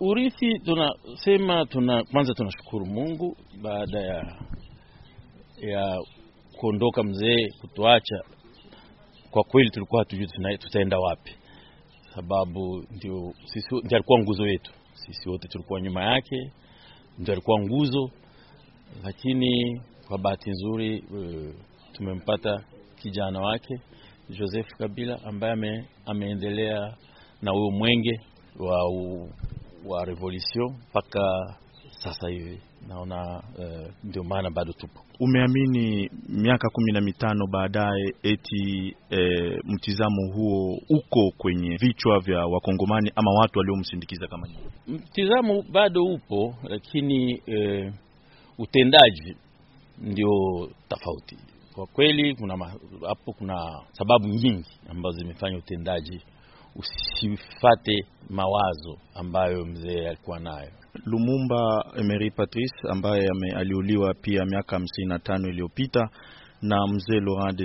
Urithi tunasema tuna, kwanza tunashukuru Mungu baada ya ya kuondoka mzee kutuacha. Kwa kweli tulikuwa hatujui tutaenda wapi, sababu ndio sisi, ndio alikuwa nguzo yetu sisi wote, tulikuwa nyuma yake, ndio alikuwa nguzo. Lakini kwa bahati nzuri e, tumempata kijana wake Joseph Kabila ambaye ame, ameendelea na huyo mwenge wa wa revolution mpaka sasa hivi naona uh, ndio maana bado tupo. Umeamini miaka kumi na mitano baadaye eti eh, mtizamo huo uko kwenye vichwa vya Wakongomani ama watu waliomsindikiza kama nyinyi? Mtizamo bado upo, lakini eh, utendaji ndio tofauti. Kwa kweli kuna hapo, kuna sababu nyingi ambazo zimefanya utendaji usifate mawazo ambayo mzee alikuwa nayo. Lumumba Emery Patrice ambaye aliuliwa pia miaka hamsini na tano iliyopita na mzee Laurent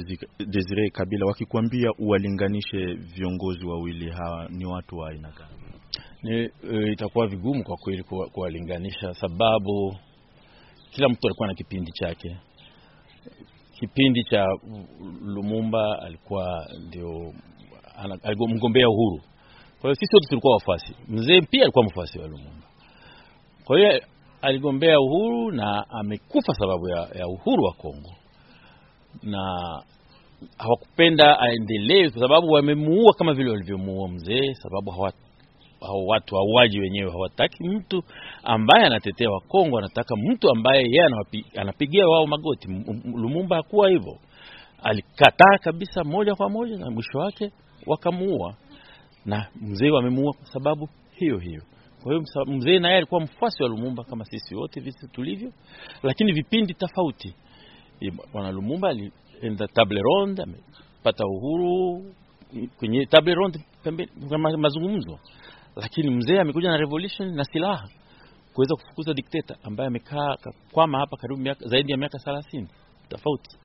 Desire Kabila, wakikuambia uwalinganishe viongozi wawili hawa, ni watu wa aina gani? Ni e, itakuwa vigumu kwa kweli kuwalinganisha, sababu kila mtu alikuwa na kipindi chake. Kipindi cha Lumumba alikuwa ndio mgombea uhuru kwa hiyo sisi wote tulikuwa wafuasi, mzee pia alikuwa mfuasi wa Lumumba. Kwa hiyo aligombea uhuru na amekufa sababu ya, ya uhuru wa Kongo, na hawakupenda aendelee kwa sababu wamemuua kama vile walivyomuua mzee, sababu hawa hao watu hauaji wenyewe hawataki mtu ambaye anatetea Wakongo, anataka mtu ambaye yeye anapigia wao magoti. Lumumba hakuwa hivyo, alikataa kabisa moja kwa moja, na mwisho wake wakamuua na mzee wamemuua kwa sababu hiyo hiyo. Kwa hiyo mzee naye alikuwa mfuasi wa Lumumba kama sisi wote visi tulivyo, lakini vipindi tofauti. Bwana Lumumba alienda table ronde, amepata uhuru mm, kwenye table ronde, pembeni mazungumzo, lakini mzee amekuja na revolution na silaha kuweza kufukuza dikteta ambaye amekaa kakwama hapa karibu miaka, zaidi ya miaka 30 tofauti.